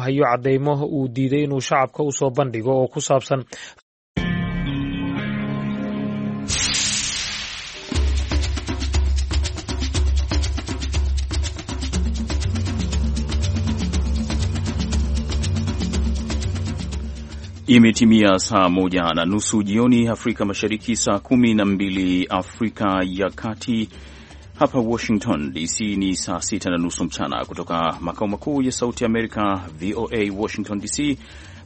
hayo cadaymo uu diiday inuu shacabka u soo bandhigo oo ku saabsan Imetimia saa moja na nusu jioni Afrika Mashariki, saa kumi na mbili Afrika ya Kati. Hapa Washington DC ni saa sita na nusu mchana kutoka makao makuu ya Sauti Amerika, VOA Washington DC.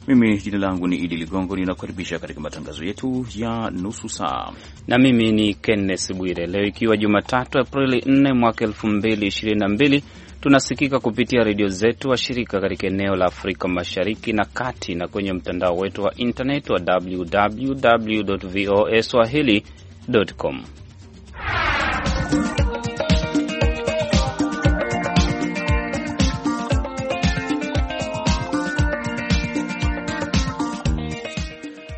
Mimi jina langu ni Idi Ligongo, ninakukaribisha katika matangazo yetu ya nusu saa. Na mimi ni Kenneth Bwire. Leo ikiwa Jumatatu, Aprili 4 mwaka 2022, tunasikika kupitia redio zetu washirika katika eneo la Afrika Mashariki na Kati, na kwenye mtandao wetu wa intaneti wa www voa swahili com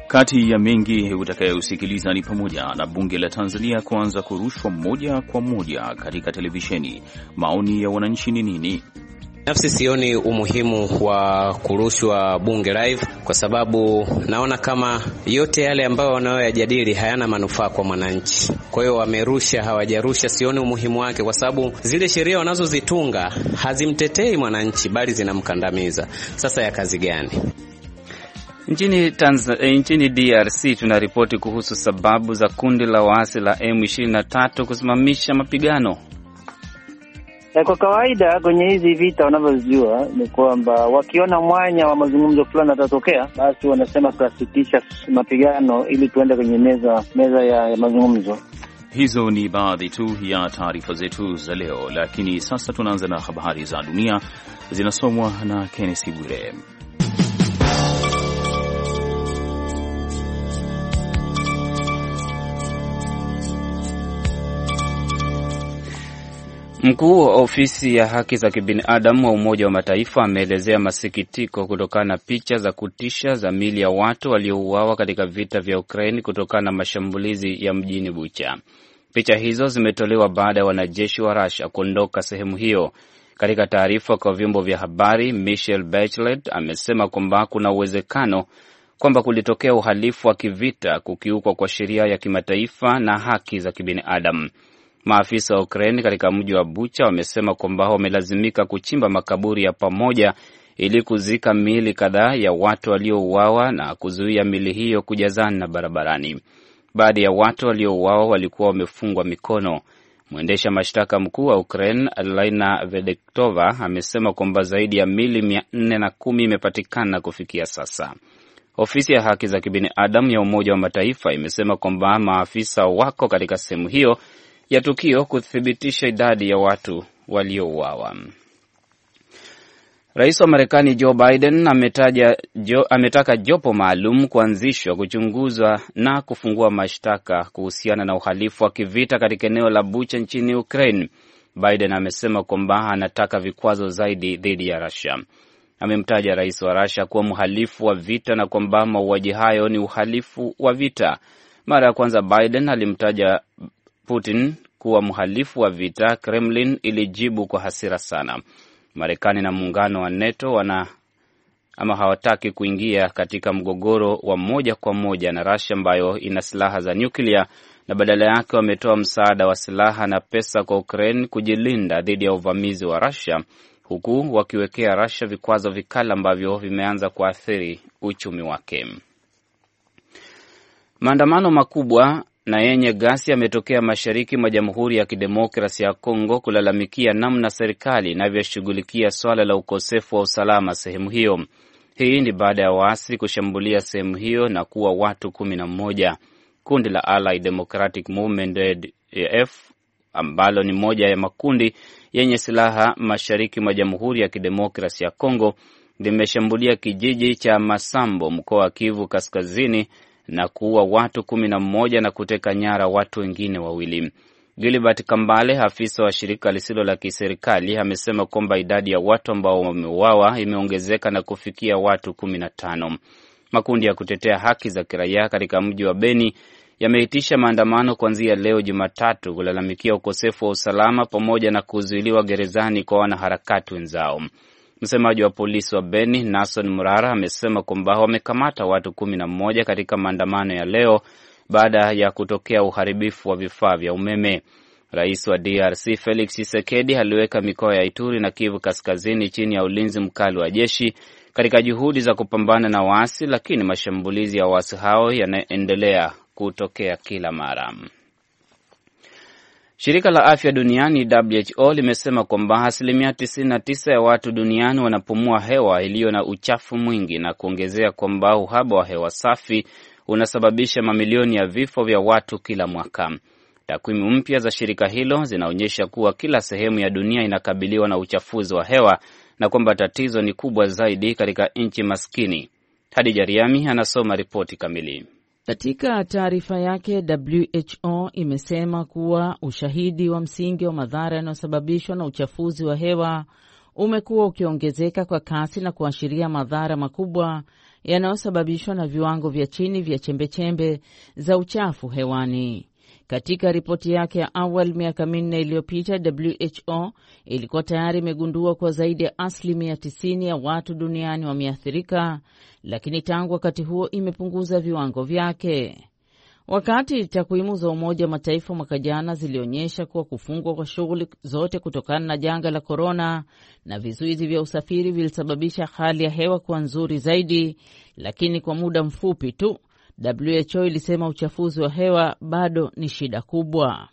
Kati ya mengi utakayosikiliza ni pamoja na bunge la Tanzania kuanza kurushwa moja kwa moja katika televisheni. Maoni ya wananchi ni nini? Nafsi sioni umuhimu wa kurushwa bunge live kwa sababu naona kama yote yale ambayo wanayoyajadili hayana manufaa kwa mwananchi. Kwa hiyo wamerusha, hawajarusha, sioni umuhimu wake, kwa sababu zile sheria wanazozitunga hazimtetei mwananchi, bali zinamkandamiza. Sasa ya kazi gani? Nchini, eh, nchini DRC tunaripoti kuhusu sababu za kundi la waasi la M23 kusimamisha mapigano. Eh, kwa kawaida kwenye hizi vita wanavyojua ni kwamba wakiona mwanya wa mazungumzo fulani atatokea, basi wanasema tutasitisha mapigano ili tuende kwenye meza meza ya, ya mazungumzo. Hizo ni baadhi tu ya taarifa zetu za leo, lakini sasa tunaanza na habari za dunia zinasomwa na Kennesi Bwire. Mkuu wa ofisi ya haki za kibinadamu wa Umoja wa Mataifa ameelezea masikitiko kutokana na picha za kutisha za mili ya watu waliouawa katika vita vya Ukraini kutokana na mashambulizi ya mjini Bucha. Picha hizo zimetolewa baada ya wanajeshi wa Rasha kuondoka sehemu hiyo. Katika taarifa kwa vyombo vya habari, michel Bachelet amesema kwamba kuna uwezekano kwamba kulitokea uhalifu wa kivita, kukiukwa kwa sheria ya kimataifa na haki za kibinadamu. Maafisa wa ukrain katika mji wa Bucha wamesema kwamba wamelazimika kuchimba makaburi ya pamoja ili kuzika miili kadhaa ya watu waliouawa na kuzuia miili hiyo kujazana barabarani. Baadhi ya watu waliouawa walikuwa wamefungwa mikono. Mwendesha mashtaka mkuu wa Ukraine Alina Vedektova amesema kwamba zaidi ya miili mia nne na kumi imepatikana kufikia sasa. Ofisi ya haki za kibinadamu ya Umoja wa Mataifa imesema kwamba maafisa wako katika sehemu hiyo ya tukio kuthibitisha idadi ya watu waliouawa. Rais wa Marekani Joe Biden ametaja, jo, ametaka jopo maalum kuanzishwa kuchunguza na kufungua mashtaka kuhusiana na uhalifu wa kivita katika eneo la Bucha nchini Ukraine. Biden amesema kwamba anataka vikwazo zaidi dhidi ya Russia. Amemtaja rais wa Russia kuwa mhalifu wa vita na kwamba mauaji hayo ni uhalifu wa vita. Mara ya kwanza Biden alimtaja Putin kuwa mhalifu wa vita, Kremlin ilijibu kwa hasira sana. Marekani na muungano wa NATO wana ama hawataki kuingia katika mgogoro wa moja kwa moja na Russia ambayo ina silaha za nyuklia na badala yake wametoa msaada wa silaha na pesa kwa Ukraine kujilinda dhidi ya uvamizi wa Russia huku wakiwekea Russia vikwazo vikali ambavyo vimeanza kuathiri uchumi wake. Maandamano makubwa na yenye ghasia yametokea mashariki mwa Jamhuri ya Kidemokrasi ya Kongo kulalamikia namna serikali inavyoshughulikia swala la ukosefu wa usalama sehemu hiyo. Hii ni baada ya waasi kushambulia sehemu hiyo na kuwa watu kumi na mmoja. Kundi la Allied Democratic Movement ADF ambalo ni moja ya makundi yenye silaha mashariki mwa Jamhuri ya Kidemokrasi ya Kongo limeshambulia kijiji cha Masambo, mkoa wa Kivu Kaskazini, na kuua watu kumi na mmoja na kuteka nyara watu wengine wawili. Gilbert Kambale, afisa wa shirika lisilo la kiserikali, amesema kwamba idadi ya watu ambao wameuawa imeongezeka na kufikia watu kumi na tano. Makundi ya kutetea haki za kiraia katika mji wa Beni yameitisha maandamano kuanzia leo Jumatatu kulalamikia ukosefu wa usalama pamoja na kuzuiliwa gerezani kwa wanaharakati wenzao. Msemaji wa polisi wa Beni, Nason Murara, amesema kwamba wamekamata watu kumi na mmoja katika maandamano ya leo baada ya kutokea uharibifu wa vifaa vya umeme. Rais wa DRC Felix Tshisekedi aliweka mikoa ya Ituri na Kivu Kaskazini chini ya ulinzi mkali wa jeshi katika juhudi za kupambana na waasi, lakini mashambulizi ya waasi hao yanaendelea kutokea kila mara. Shirika la afya duniani WHO limesema kwamba asilimia 99 ya watu duniani wanapumua hewa iliyo na uchafu mwingi na kuongezea kwamba uhaba wa hewa safi unasababisha mamilioni ya vifo vya watu kila mwaka. Takwimu mpya za shirika hilo zinaonyesha kuwa kila sehemu ya dunia inakabiliwa na uchafuzi wa hewa na kwamba tatizo ni kubwa zaidi katika nchi maskini. Hadija Riami anasoma ripoti kamili. Katika taarifa yake, WHO imesema kuwa ushahidi wa msingi wa madhara yanayosababishwa na uchafuzi wa hewa umekuwa ukiongezeka kwa kasi na kuashiria madhara makubwa yanayosababishwa na viwango vya chini vya chembechembe za uchafu hewani. Katika ripoti yake ya awali miaka minne iliyopita, WHO ilikuwa tayari imegundua kuwa zaidi ya asilimia 90 ya watu duniani wameathirika, lakini tangu wakati huo imepunguza viwango vyake. Wakati takwimu za Umoja wa Mataifa mwaka jana zilionyesha kuwa kufungwa kwa shughuli zote kutokana na janga la korona na vizuizi vya usafiri vilisababisha hali ya hewa kuwa nzuri zaidi, lakini kwa muda mfupi tu. WHO ilisema uchafuzi wa hewa bado ni shida kubwa.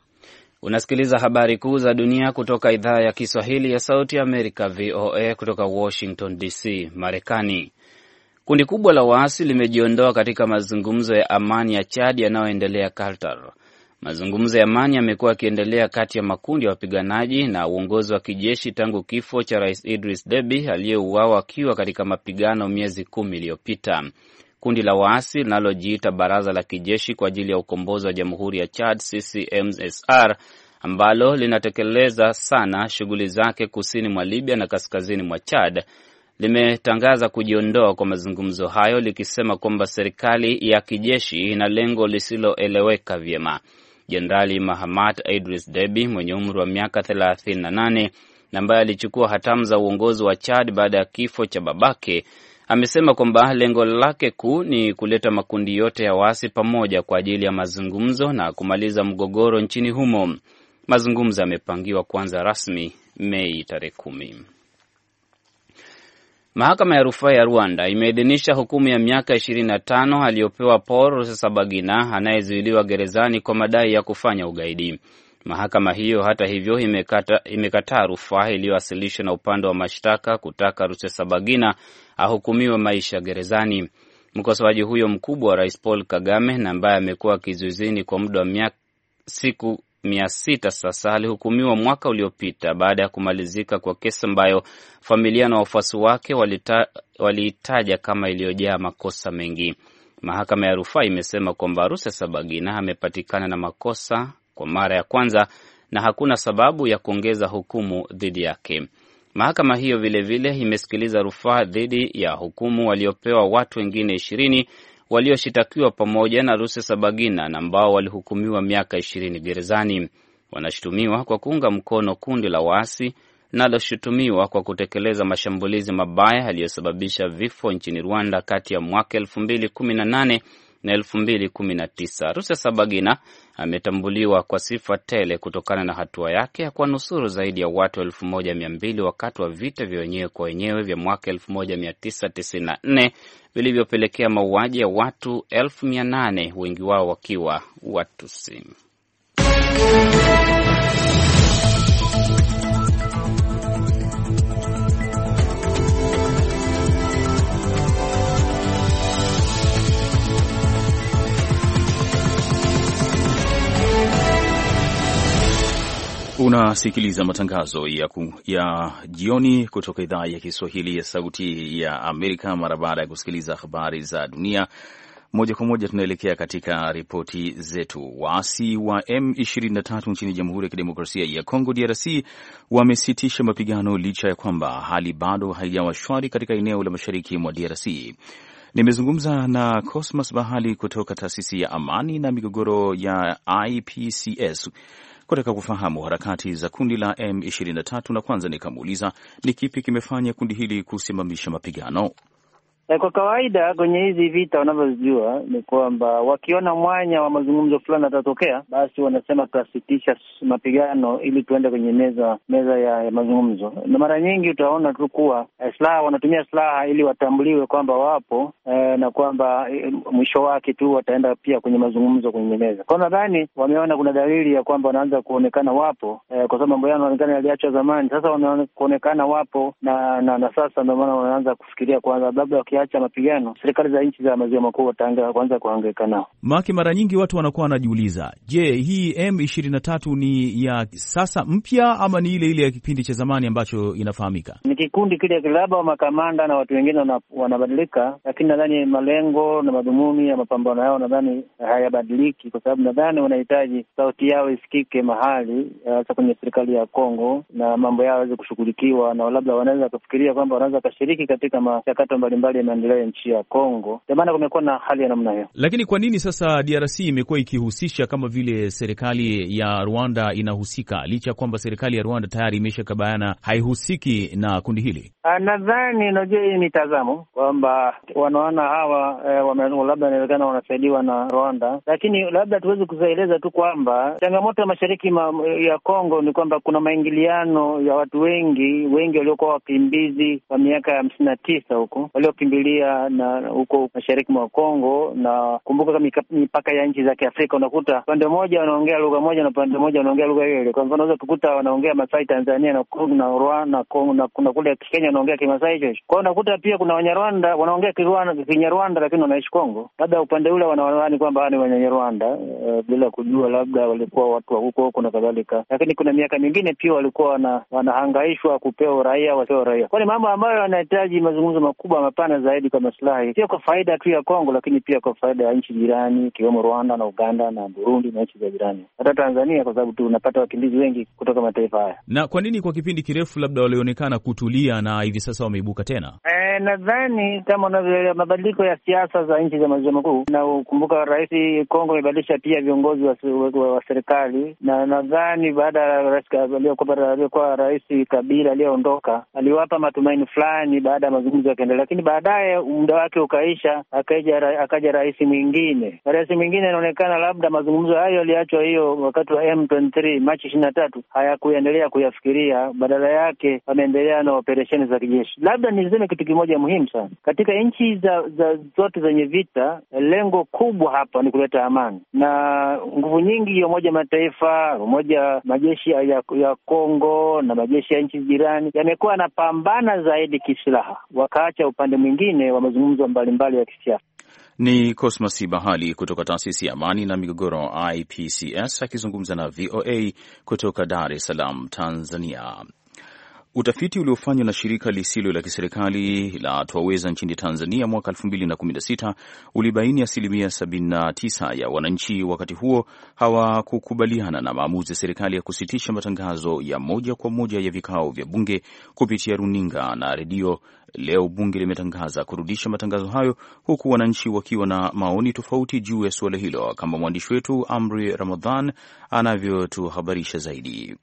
Unasikiliza habari kuu za dunia kutoka idhaa ya Kiswahili ya Sauti Amerika, VOA, kutoka Washington DC, Marekani. Kundi kubwa la waasi limejiondoa katika mazungumzo ya amani ya Chad yanayoendelea Qatar. Mazungumzo ya amani yamekuwa yakiendelea kati ya makundi ya wapiganaji na uongozi wa kijeshi tangu kifo cha Rais Idris Deby aliyeuawa akiwa katika mapigano miezi kumi iliyopita. Kundi la waasi linalojiita Baraza la Kijeshi kwa ajili ya Ukombozi wa Jamhuri ya Chad, CCMSR, ambalo linatekeleza sana shughuli zake kusini mwa Libya na kaskazini mwa Chad, limetangaza kujiondoa kwa mazungumzo hayo likisema kwamba serikali ya kijeshi ina lengo lisiloeleweka vyema. Jenerali Mahamat Idris Deby mwenye umri wa miaka 38 na ambaye alichukua hatamu za uongozi wa Chad baada ya kifo cha babake amesema kwamba lengo lake kuu ni kuleta makundi yote ya waasi pamoja kwa ajili ya mazungumzo na kumaliza mgogoro nchini humo. Mazungumzo yamepangiwa kuanza rasmi Mei tarehe kumi. Mahakama ya rufaa ya Rwanda imeidhinisha hukumu ya miaka ishirini na tano aliyopewa Paul Rusesabagina anayezuiliwa gerezani kwa madai ya kufanya ugaidi. Mahakama hiyo hata hivyo imekataa imekata rufaa iliyowasilishwa na upande wa mashtaka kutaka Rusesabagina ahukumiwe maisha gerezani. Mkosoaji huyo mkubwa wa rais Paul Kagame na ambaye amekuwa kizuizini kwa muda wa miaka siku mia sita sasa alihukumiwa mwaka uliopita baada ya kumalizika kwa kesi ambayo familia na wafuasi wake waliitaja kama iliyojaa makosa mengi. Mahakama ya rufaa imesema kwamba Rusesabagina amepatikana na makosa kwa mara ya kwanza na hakuna sababu ya kuongeza hukumu dhidi yake. Mahakama hiyo vilevile imesikiliza rufaa dhidi ya hukumu waliopewa watu wengine ishirini walioshitakiwa pamoja na Rusesabagina na ambao walihukumiwa miaka ishirini gerezani. Wanashutumiwa kwa kuunga mkono kundi la waasi linaloshutumiwa kwa kutekeleza mashambulizi mabaya yaliyosababisha vifo nchini Rwanda kati ya mwaka elfu mbili kumi na nane na elfu mbili kumi na tisa. Rusesabagina ametambuliwa kwa sifa tele kutokana na hatua yake ya kuwanusuru zaidi ya watu 12 wakati wa vita vya wenyewe kwa wenyewe vya mwaka 1994 vilivyopelekea mauaji ya watu 8 wengi wao wakiwa Watusi. Unasikiliza matangazo ya, ku, ya jioni kutoka idhaa ya Kiswahili ya Sauti ya Amerika. Mara baada ya kusikiliza habari za dunia moja kwa moja, tunaelekea katika ripoti zetu. Waasi wa M23 nchini Jamhuri ya Kidemokrasia ya Kongo, DRC, wamesitisha mapigano licha ya kwamba hali bado haijawa shwari katika eneo la mashariki mwa DRC. Nimezungumza na Cosmas Bahali kutoka taasisi ya amani na migogoro ya IPCS kutaka kufahamu harakati za kundi la M23 na kwanza nikamuuliza ni kipi kimefanya kundi hili kusimamisha mapigano. Eh, kwa kawaida kwenye hizi vita wanavyojua ni kwamba wakiona mwanya wa mazungumzo fulani atatokea basi wanasema tutasitisha mapigano ili tuende kwenye meza meza ya, ya mazungumzo. Na mara nyingi utaona tu kuwa eh, silaha wanatumia silaha ili watambuliwe kwamba wapo eh, na kwamba eh, mwisho wake tu wataenda pia kwenye mazungumzo kwenye meza Kwa Nadhani wameona kuna dalili ya kwamba wanaanza kuonekana wapo eh, kwa sababu mambo yao yanaonekana yaliachwa zamani, sasa wanaonekana wapo na na, na sasa ndio maana wanaanza kufikiria kwanza labda kitaacha mapigano, serikali za nchi za maziwa makuu wataanza kuanza kuhangaika nao. Maake mara nyingi watu wanakuwa wanajiuliza, je, hii m tatu ni ya sasa mpya ama ni ile ile ya kipindi cha zamani ambacho inafahamika? Ni kikundi kile kilaba makamanda na watu wengine wanabadilika, lakini nadhani malengo na madhumuni ya mapambano yao nadhani hayabadiliki, kwa sababu nadhani wanahitaji sauti yao isikike mahali, hasa kwenye serikali ya Kongo na mambo yao yaweze kushughulikiwa, na labda wanaweza wakafikiria kwamba wanaweza wakashiriki katika machakato mbalimbali maendeleo ya nchi ya Kongo. Ndio maana kumekuwa na hali ya namna hiyo. Lakini kwa nini sasa DRC imekuwa ikihusisha kama vile serikali ya Rwanda inahusika, licha ya kwamba serikali ya Rwanda tayari imeshakabayana haihusiki na kundi hili? Ah, nadhani unajua, hii mitazamo kwamba wanaona hawa e, labda inawezekana wanasaidiwa na Rwanda, lakini labda tuwezi kuzaeleza tu kwamba changamoto ya mashariki ma, ya Kongo ni kwamba kuna maingiliano ya watu wengi wengi waliokuwa wakimbizi wa miaka ya hamsini na tisa huko waliokimbia kukimbilia na huko mashariki mwa Kongo, na kumbuka kama mipaka ya nchi za Kiafrika unakuta upande moja wanaongea lugha moja na upande moja wanaongea lugha hiyo ile. Kwa mfano unaweza kukuta wanaongea Masai Tanzania na na Rwanda na kuna kule Kenya wanaongea Kimasai hicho. Kwa hiyo unakuta pia kuna Wanyarwanda wanaongea Kinyarwanda lakini wanaishi Kongo, labda upande ule wanaani kwamba ni Wanyarwanda eh, bila kujua labda walikuwa watu wa huko huko na kadhalika, lakini kuna miaka mingine pia walikuwa wana, wanahangaishwa kupewa uraia, wasio uraia. Kwa ni mambo ambayo yanahitaji mazungumzo makubwa mapana zaidi kwa masilahi, sio kwa faida tu ya Kongo, lakini pia kwa faida ya nchi jirani ikiwemo Rwanda na Uganda na Burundi na nchi za jirani, hata Tanzania, kwa sababu tunapata wakimbizi wengi kutoka mataifa haya. Na kwa nini kwa kipindi kirefu labda walionekana kutulia na hivi sasa wameibuka tena eh? Eh, nadhani kama unavyoelewa mabadiliko ya siasa za nchi za maziwa makuu, na ukumbuka Rais Kongo amebadilisha pia viongozi wa, wa, wa serikali, na nadhani baada ya Rais Kabila aliyeondoka aliwapa matumaini fulani baada ya mazungumzo yakaendelea, lakini baadaye muda wake ukaisha, akaja akaja rais mwingine. Rais mwingine inaonekana labda mazungumzo hayo yaliachwa hiyo wakati wa M23 Machi ishirini na tatu hayakuendelea kuyafikiria, badala yake wameendelea na operesheni za kijeshi. Labda niseme kitu kimoja moja muhimu sana katika nchi za, za zote zenye vita. Lengo kubwa hapa ni kuleta amani, na nguvu nyingi ya Umoja Mataifa, umoja majeshi ya, ya Kongo na majeshi ya nchi jirani yamekuwa yanapambana zaidi kisilaha, wakaacha upande mwingine wa mazungumzo mbalimbali ya kisiasa. Ni Cosmas Bahali kutoka taasisi ya amani na migogoro IPCS akizungumza na VOA kutoka Dar es Salaam, Tanzania. Utafiti uliofanywa na shirika lisilo la kiserikali la Twaweza nchini Tanzania mwaka 2016 ulibaini asilimia 79 ya wananchi wakati huo hawakukubaliana na maamuzi ya serikali ya kusitisha matangazo ya moja kwa moja ya vikao vya bunge kupitia runinga na redio. Leo bunge limetangaza kurudisha matangazo hayo, huku wananchi wakiwa na maoni tofauti juu ya suala hilo, kama mwandishi wetu Amri Ramadhan anavyotuhabarisha zaidi.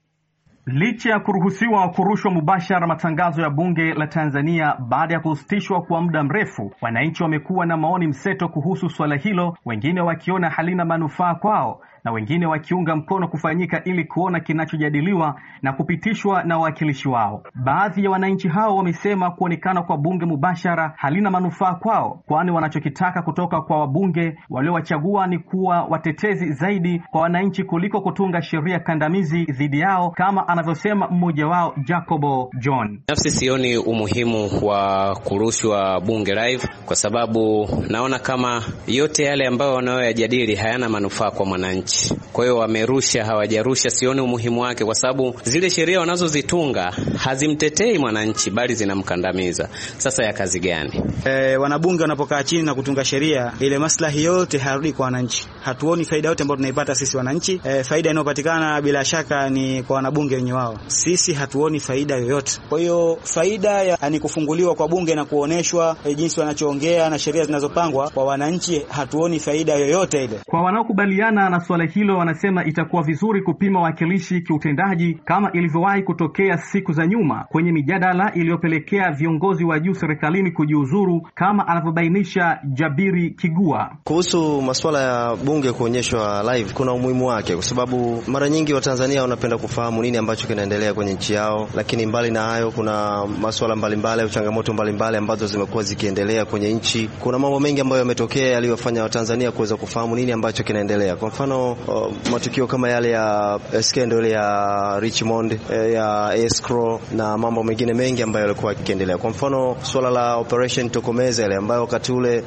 Licha ya kuruhusiwa kurushwa mubashara matangazo ya bunge la Tanzania baada ya kusitishwa kwa muda mrefu, wananchi wamekuwa na maoni mseto kuhusu suala hilo, wengine wakiona halina manufaa kwao na wengine wakiunga mkono kufanyika ili kuona kinachojadiliwa na kupitishwa na wawakilishi wao. Baadhi ya wananchi hao wamesema kuonekana kwa bunge mubashara halina manufaa kwao, kwani wanachokitaka kutoka kwa wabunge waliowachagua ni kuwa watetezi zaidi kwa wananchi kuliko kutunga sheria kandamizi dhidi yao, kama anavyosema mmoja wao Jacobo John. Nafsi sioni umuhimu wa kurushwa bunge live kwa sababu naona kama yote yale ambayo wanayoyajadili hayana manufaa kwa mwananchi wananchi. Kwa hiyo wamerusha, hawajarusha, sioni umuhimu wake, kwa sababu zile sheria wanazozitunga hazimtetei mwananchi, bali zinamkandamiza. Sasa ya kazi gani? E, wanabunge wanapokaa chini na kutunga sheria, ile maslahi yote harudi kwa wananchi. Hatuoni faida yote ambayo tunaipata sisi wananchi. E, faida inayopatikana bila shaka ni kwa wanabunge wenye wao, sisi hatuoni faida yoyote. Kwa hiyo faida ya ni kufunguliwa kwa bunge na kuoneshwa e, jinsi wanachoongea na sheria zinazopangwa kwa wananchi, hatuoni faida yoyote ile kwa wanaokubaliana na suala hilo wanasema itakuwa vizuri kupima wawakilishi kiutendaji kama ilivyowahi kutokea siku za nyuma kwenye mijadala iliyopelekea viongozi wa juu serikalini kujiuzuru kama anavyobainisha Jabiri Kigua. Kuhusu masuala ya bunge kuonyeshwa live, kuna umuhimu wake kwa sababu mara nyingi Watanzania wanapenda kufahamu nini ambacho kinaendelea kwenye nchi yao, lakini mbali na hayo, kuna masuala mbalimbali au changamoto mbalimbali ambazo zimekuwa zikiendelea kwenye nchi. Kuna mambo mengi ambayo yametokea yaliyofanya Watanzania kuweza kufahamu nini ambacho kinaendelea, kwa mfano Uh, matukio kama yale ya scandal ya Richmond eh, ya escrow na mambo mengine mengi ambayo yalikuwa yakiendelea. Kwa mfano suala la operation Tokomeza ile ambayo wakati ule eh,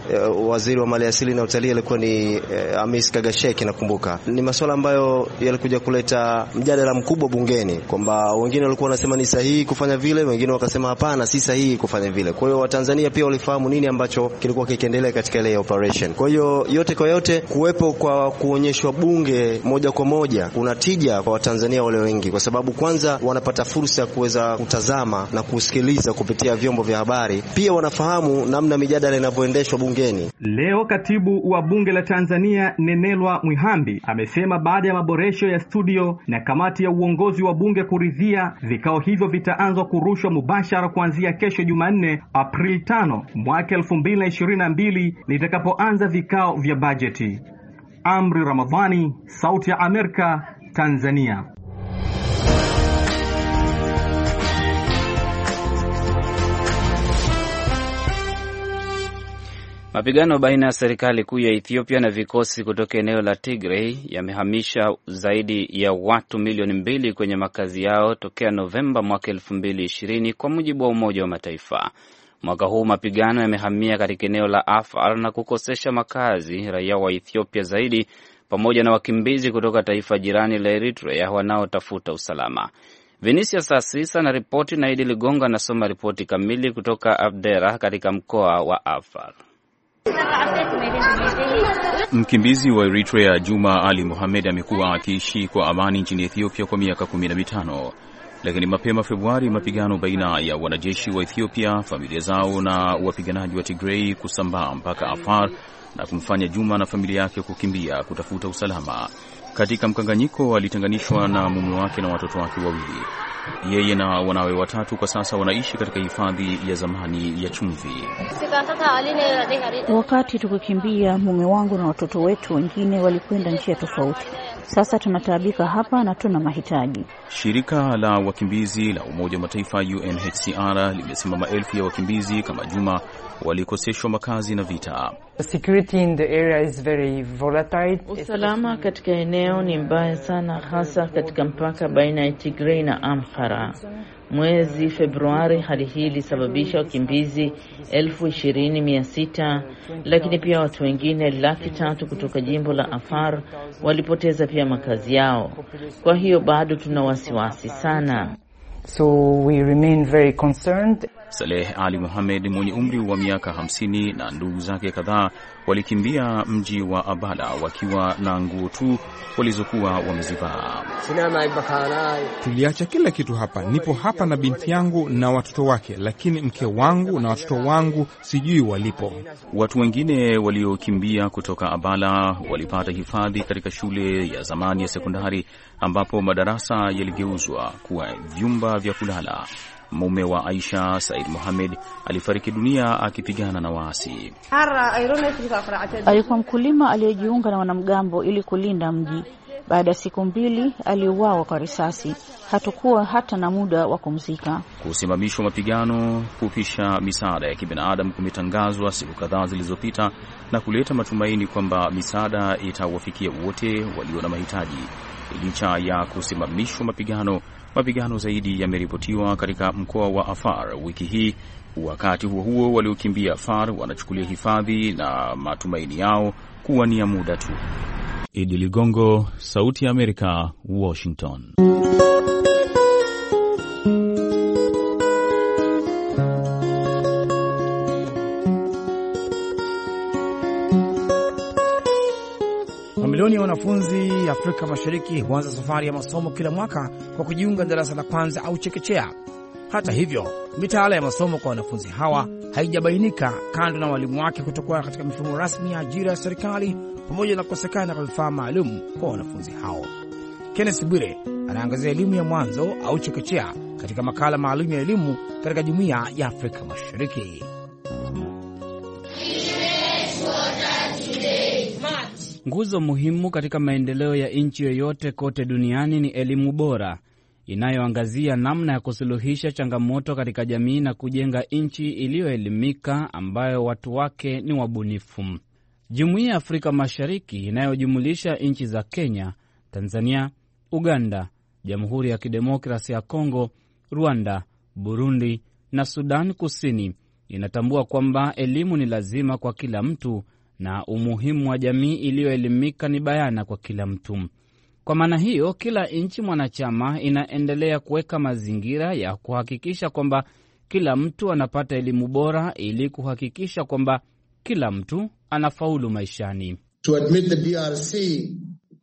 waziri wa maliasili na utalii alikuwa ni eh, amis kagashek Kagasheki, nakumbuka ni masuala ambayo yalikuja kuleta mjadala mkubwa bungeni kwamba wengine walikuwa wanasema ni sahihi kufanya vile, wengine wakasema hapana, si sahihi kufanya vile. Kwa hiyo Watanzania pia walifahamu nini ambacho kilikuwa kikiendelea katika ile operation. Kwa hiyo yote kwa yote, kuwepo kwa kuonyeshwa bu ubunge moja kwa moja kuna tija kwa Watanzania wale wengi, kwa sababu kwanza wanapata fursa ya kuweza kutazama na kusikiliza kupitia vyombo vya habari, pia wanafahamu namna mijadala inavyoendeshwa bungeni. Leo katibu wa bunge la Tanzania Nenelwa Mwihambi amesema baada ya maboresho ya studio na kamati ya uongozi wa bunge kuridhia, vikao hivyo vitaanzwa kurushwa mubashara kuanzia kesho Jumanne Aprili 5 mwaka 2022 litakapoanza vikao vya bajeti. Amri Ramadhani, Sauti ya Amerika, Tanzania. Mapigano baina ya serikali kuu ya Ethiopia na vikosi kutoka eneo la Tigray yamehamisha zaidi ya watu milioni mbili kwenye makazi yao tokea Novemba mwaka elfu mbili ishirini kwa mujibu wa Umoja wa Mataifa. Mwaka huu mapigano yamehamia katika eneo la Afar na kukosesha makazi raia wa Ethiopia zaidi pamoja na wakimbizi kutoka taifa jirani la Eritrea wanaotafuta usalama. Vinicius Sasisa na ripoti na Idi Ligongo anasoma ripoti kamili kutoka Abdera katika mkoa wa Afar. Mkimbizi wa Eritrea Juma Ali Mohamed amekuwa akiishi kwa amani nchini Ethiopia kwa miaka kumi na mitano. Lakini mapema Februari, mapigano baina ya wanajeshi wa Ethiopia, familia zao na wapiganaji wa Tigrei kusambaa mpaka Afar na kumfanya Juma na familia yake kukimbia kutafuta usalama. Katika mkanganyiko, alitenganishwa na mume wake na watoto wake wawili. Yeye na wanawe watatu kwa sasa wanaishi katika hifadhi ya zamani ya Chumvi. Wakati tukikimbia, mume wangu na watoto wetu wengine walikwenda njia tofauti. Sasa tunataabika hapa na tuna mahitaji. Shirika la wakimbizi la Umoja wa Mataifa UNHCR limesema maelfu ya wakimbizi kama Juma walikoseshwa makazi na vita. Usalama katika eneo ni mbaya sana, hasa katika mpaka baina ya Tigrei na Amhara. Mwezi Februari, hali hii ilisababisha wakimbizi elfu ishirini mia sita lakini pia watu wengine laki tatu kutoka jimbo la Afar walipoteza pia makazi yao. Kwa hiyo bado tuna wasiwasi sana. So we remain very concerned. Saleh Ali muhamed mwenye umri wa miaka 50 na ndugu zake kadhaa walikimbia mji wa Abala wakiwa na nguo tu walizokuwa wamezivaa. Tuliacha kila kitu hapa, nipo hapa na binti yangu na watoto wake, lakini mke wangu na watoto wangu sijui walipo. Watu wengine waliokimbia kutoka Abala walipata hifadhi katika shule ya zamani ya sekondari ambapo madarasa yaligeuzwa kuwa vyumba vya kulala. Mume wa Aisha Said Mohamed alifariki dunia akipigana na waasi. Alikuwa mkulima aliyejiunga na wanamgambo ili kulinda mji. Baada ya siku mbili aliuawa kwa risasi. Hatukuwa hata na muda wa kumzika. Kusimamishwa mapigano kupisha misaada ya kibinadamu kumetangazwa siku kadhaa zilizopita na kuleta matumaini kwamba misaada itawafikia wote walio na mahitaji. Licha ya kusimamishwa mapigano, Mapigano zaidi yameripotiwa katika mkoa wa Afar wiki hii. Wakati huo huo, waliokimbia Afar wanachukulia hifadhi na matumaini yao kuwa ni ya muda tu. Idi Ligongo, Sauti ya Amerika, Washington. Afrika Mashariki huanza safari ya masomo kila mwaka kwa kujiunga na darasa la kwanza au chekechea. Hata hivyo, mitaala ya masomo kwa wanafunzi hawa haijabainika, kando na walimu wake kutokuwa katika mifumo rasmi ya ajira ya serikali pamoja na kukosekana kwa vifaa maalum kwa wanafunzi hao. Kenneth Bwire anaangazia elimu ya mwanzo au chekechea katika makala maalum ya elimu katika jumuiya ya Afrika Mashariki. Nguzo muhimu katika maendeleo ya nchi yoyote kote duniani ni elimu bora inayoangazia namna ya kusuluhisha changamoto katika jamii na kujenga nchi iliyoelimika ambayo watu wake ni wabunifu. Jumuiya ya Afrika Mashariki inayojumulisha nchi za Kenya, Tanzania, Uganda, Jamhuri ya Kidemokrasi ya Kongo, Rwanda, Burundi na Sudan Kusini inatambua kwamba elimu ni lazima kwa kila mtu na umuhimu wa jamii iliyoelimika ni bayana kwa kila mtu. Kwa maana hiyo, kila nchi mwanachama inaendelea kuweka mazingira ya kuhakikisha kwamba kila mtu anapata elimu bora ili kuhakikisha kwamba kila mtu anafaulu maishani. To admit the DRC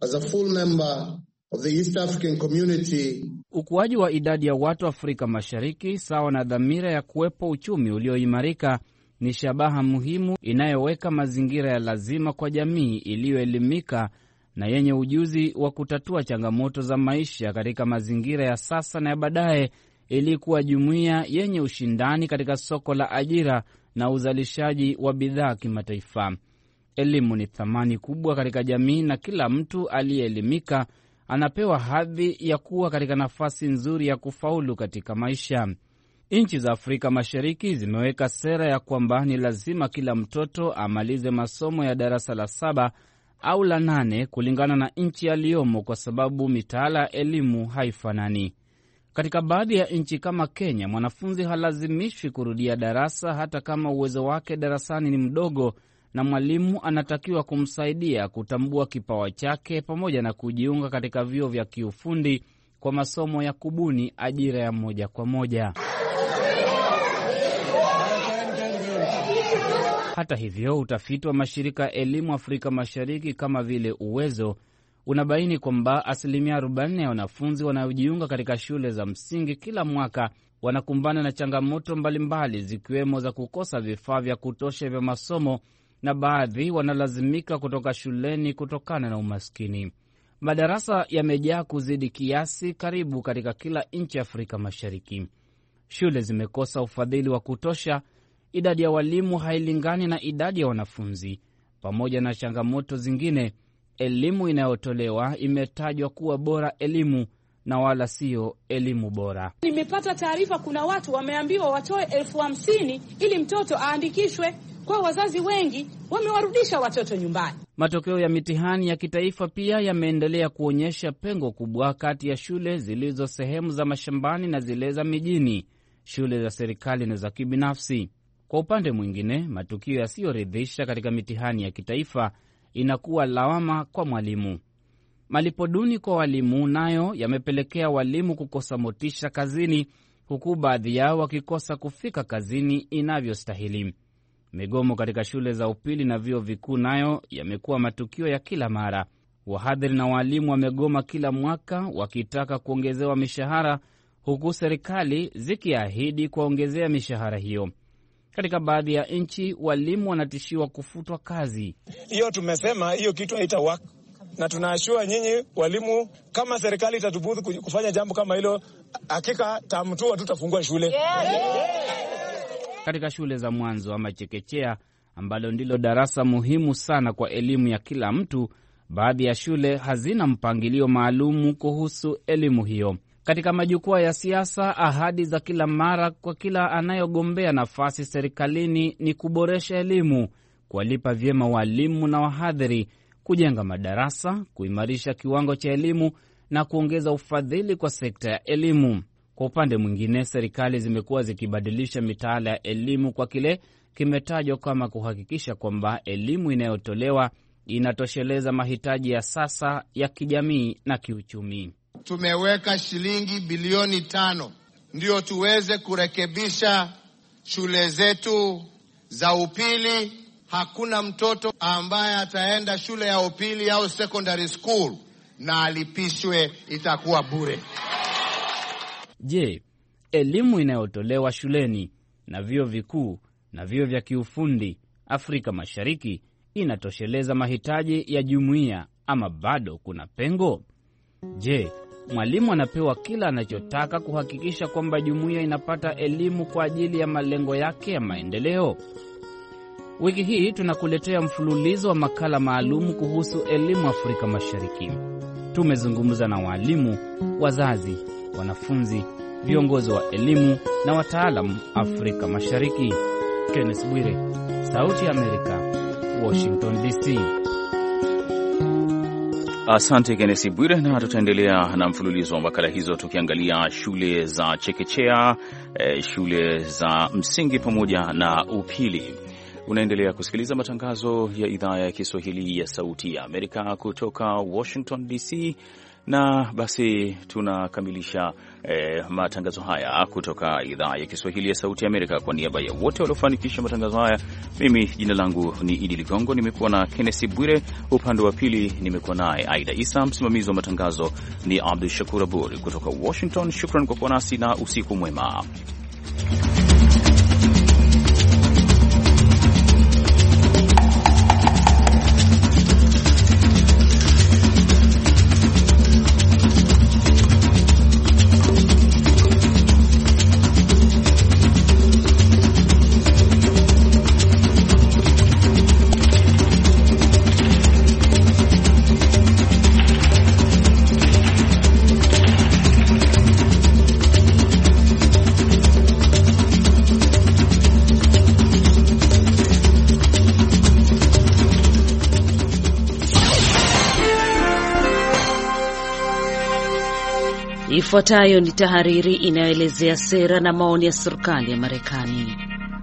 as a full member of the East African Community. Ukuaji wa idadi ya watu Afrika Mashariki sawa na dhamira ya kuwepo uchumi ulioimarika ni shabaha muhimu inayoweka mazingira ya lazima kwa jamii iliyoelimika na yenye ujuzi wa kutatua changamoto za maisha katika mazingira ya sasa na ya baadaye, ili kuwa jumuiya yenye ushindani katika soko la ajira na uzalishaji wa bidhaa kimataifa. Elimu ni thamani kubwa katika jamii na kila mtu aliyeelimika anapewa hadhi ya kuwa katika nafasi nzuri ya kufaulu katika maisha. Nchi za Afrika Mashariki zimeweka sera ya kwamba ni lazima kila mtoto amalize masomo ya darasa la saba au la nane kulingana na nchi aliyomo, kwa sababu mitaala ya elimu haifanani. Katika baadhi ya nchi kama Kenya, mwanafunzi halazimishwi kurudia darasa hata kama uwezo wake darasani ni mdogo, na mwalimu anatakiwa kumsaidia kutambua kipawa chake pamoja na kujiunga katika vyuo vya kiufundi kwa masomo ya kubuni ajira ya moja kwa moja. Hata hivyo, utafiti wa mashirika ya elimu Afrika Mashariki kama vile Uwezo unabaini kwamba asilimia 40 ya wanafunzi wanaojiunga katika shule za msingi kila mwaka wanakumbana na changamoto mbalimbali zikiwemo za kukosa vifaa vya kutosha vya masomo na baadhi wanalazimika kutoka shuleni kutokana na umaskini. Madarasa yamejaa kuzidi kiasi karibu katika kila nchi ya Afrika Mashariki. Shule zimekosa ufadhili wa kutosha idadi ya walimu hailingani na idadi ya wanafunzi, pamoja na changamoto zingine. Elimu inayotolewa imetajwa kuwa bora elimu na wala sio elimu bora. Nimepata taarifa, kuna watu wameambiwa watoe elfu hamsini ili mtoto aandikishwe, kwa wazazi wengi wamewarudisha watoto nyumbani. Matokeo ya mitihani ya kitaifa pia yameendelea kuonyesha pengo kubwa kati ya shule zilizo sehemu za mashambani na zile za mijini, shule za serikali na za kibinafsi. Kwa upande mwingine, matukio yasiyoridhisha katika mitihani ya kitaifa inakuwa lawama kwa mwalimu. Malipo duni kwa walimu nayo yamepelekea walimu kukosa motisha kazini, huku baadhi yao wakikosa kufika kazini inavyostahili. Migomo katika shule za upili na vyuo vikuu nayo yamekuwa matukio ya kila mara. Wahadhiri na waalimu wamegoma kila mwaka wakitaka kuongezewa mishahara, huku serikali zikiahidi kuwaongezea mishahara hiyo. Katika baadhi ya nchi walimu wanatishiwa kufutwa kazi. Hiyo tumesema hiyo kitu haitawaka, na tunaashua nyinyi walimu, kama serikali itatubudhi kufanya jambo kama hilo, hakika tamtua tutafungua shule yeah, yeah. Katika shule za mwanzo ama chekechea, ambalo ndilo darasa muhimu sana kwa elimu ya kila mtu, baadhi ya shule hazina mpangilio maalumu kuhusu elimu hiyo katika majukwaa ya siasa, ahadi za kila mara kwa kila anayogombea nafasi serikalini ni kuboresha elimu, kuwalipa vyema walimu na wahadhiri, kujenga madarasa, kuimarisha kiwango cha elimu na kuongeza ufadhili kwa sekta ya elimu. Kwa upande mwingine, serikali zimekuwa zikibadilisha mitaala ya elimu kwa kile kimetajwa kama kuhakikisha kwamba elimu inayotolewa inatosheleza mahitaji ya sasa ya kijamii na kiuchumi tumeweka shilingi bilioni tano ndio tuweze kurekebisha shule zetu za upili. Hakuna mtoto ambaye ataenda shule ya upili au secondary school na alipishwe, itakuwa bure. Je, elimu inayotolewa shuleni na vyuo vikuu na vyuo vya kiufundi Afrika Mashariki inatosheleza mahitaji ya jumuiya ama bado kuna pengo? Je, mwalimu anapewa kila anachotaka kuhakikisha kwamba jumuiya inapata elimu kwa ajili ya malengo yake ya maendeleo. Wiki hii tunakuletea mfululizo wa makala maalum kuhusu elimu Afrika Mashariki. Tumezungumza na waalimu, wazazi, wanafunzi, viongozi wa elimu na wataalamu Afrika Mashariki. Kenneth Bwire, Sauti ya Amerika, Washington DC. Asante Kenesi Bwire, na tutaendelea na mfululizo wa makala hizo tukiangalia shule za chekechea, eh, shule za msingi pamoja na upili. Unaendelea kusikiliza matangazo ya idhaa ya Kiswahili ya Sauti ya Amerika kutoka Washington DC na basi tunakamilisha eh, matangazo haya kutoka idhaa ya Kiswahili ya Sauti ya Amerika. Kwa niaba ya wote waliofanikisha matangazo haya, mimi jina langu ni Idi Ligongo, nimekuwa na Kennesi Bwire, upande wa pili nimekuwa naye Aida Isa, msimamizi wa matangazo ni Abdu Shakur Abur kutoka Washington. Shukran kwa kuwa nasi na usiku mwema. Ifuatayo ni tahariri inayoelezea sera na maoni ya serikali ya Marekani.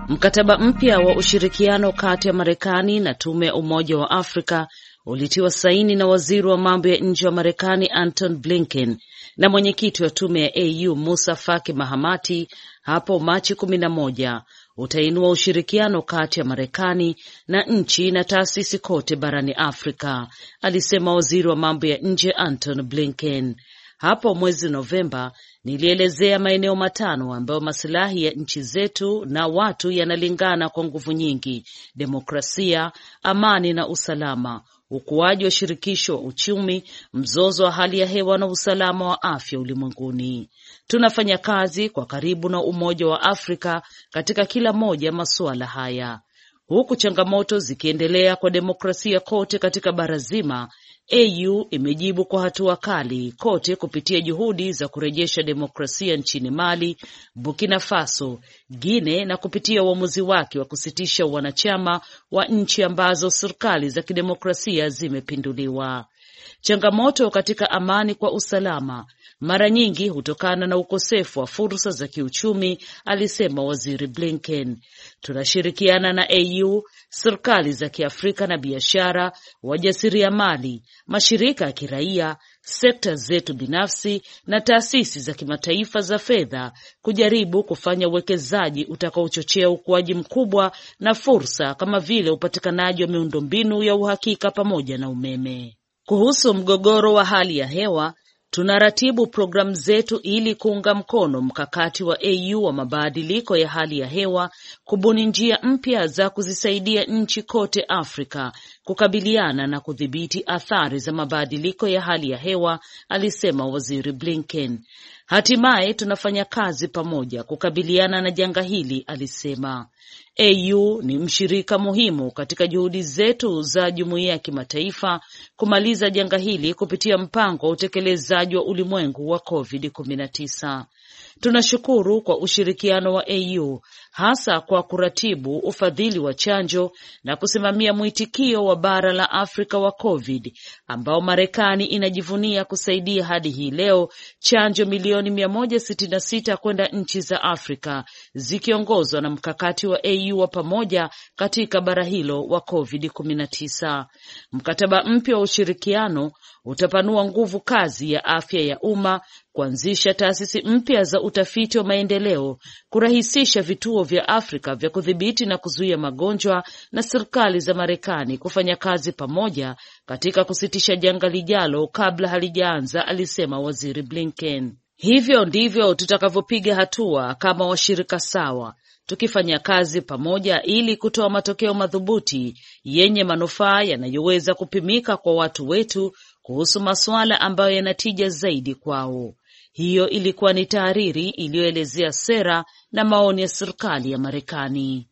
Mkataba mpya wa ushirikiano kati ya Marekani na Tume ya Umoja wa Afrika ulitiwa saini na waziri wa mambo ya nje wa Marekani Anton Blinken na mwenyekiti wa tume ya AU Musa Faki Mahamati hapo Machi kumi na moja utainua ushirikiano kati ya Marekani na nchi na taasisi kote barani Afrika, alisema waziri wa mambo ya nje Anton Blinken. Hapo mwezi Novemba nilielezea maeneo matano ambayo masilahi ya nchi zetu na watu yanalingana kwa nguvu nyingi: demokrasia, amani na usalama, ukuaji wa shirikisho wa uchumi, mzozo wa hali ya hewa na usalama wa afya ulimwenguni. Tunafanya kazi kwa karibu na Umoja wa Afrika katika kila moja ya masuala haya, huku changamoto zikiendelea kwa demokrasia kote katika bara zima. AU imejibu kwa hatua kali kote kupitia juhudi za kurejesha demokrasia nchini Mali, Burkina Faso, guine na kupitia uamuzi wake wa kusitisha wanachama wa nchi ambazo serikali za kidemokrasia zimepinduliwa. Changamoto katika amani kwa usalama mara nyingi hutokana na ukosefu wa fursa za kiuchumi, alisema Waziri Blinken. Tunashirikiana na AU, serikali za Kiafrika na biashara, wajasiriamali, mashirika ya kiraia, sekta zetu binafsi na taasisi za kimataifa za fedha kujaribu kufanya uwekezaji utakaochochea ukuaji mkubwa na fursa kama vile upatikanaji wa miundombinu ya uhakika pamoja na umeme. Kuhusu mgogoro wa hali ya hewa, Tunaratibu programu zetu ili kuunga mkono mkakati wa AU wa mabadiliko ya hali ya hewa, kubuni njia mpya za kuzisaidia nchi kote Afrika kukabiliana na kudhibiti athari za mabadiliko ya hali ya hewa, alisema Waziri Blinken. Hatimaye tunafanya kazi pamoja kukabiliana na janga hili, alisema. AU ni mshirika muhimu katika juhudi zetu za jumuiya ya kimataifa kumaliza janga hili kupitia mpango wa utekelezaji wa ulimwengu wa COVID-19. Tunashukuru kwa ushirikiano wa AU hasa kwa kuratibu ufadhili wa chanjo na kusimamia mwitikio wa bara la Afrika wa COVID ambao Marekani inajivunia kusaidia hadi hii leo chanjo milioni 166 kwenda nchi za Afrika zikiongozwa na mkakati wa AU wa pamoja katika bara hilo wa COVID-19. Mkataba mpya wa ushirikiano utapanua nguvu kazi ya afya ya umma, kuanzisha taasisi mpya za utafiti wa maendeleo, kurahisisha vituo vya Afrika vya kudhibiti na kuzuia magonjwa na serikali za Marekani kufanya kazi pamoja katika kusitisha janga lijalo kabla halijaanza, alisema Waziri Blinken. Hivyo ndivyo tutakavyopiga hatua kama washirika sawa, tukifanya kazi pamoja ili kutoa matokeo madhubuti yenye manufaa yanayoweza kupimika kwa watu wetu kuhusu masuala ambayo yanatija zaidi kwao. Hiyo ilikuwa ni tahariri iliyoelezea sera na maoni ya serikali ya Marekani.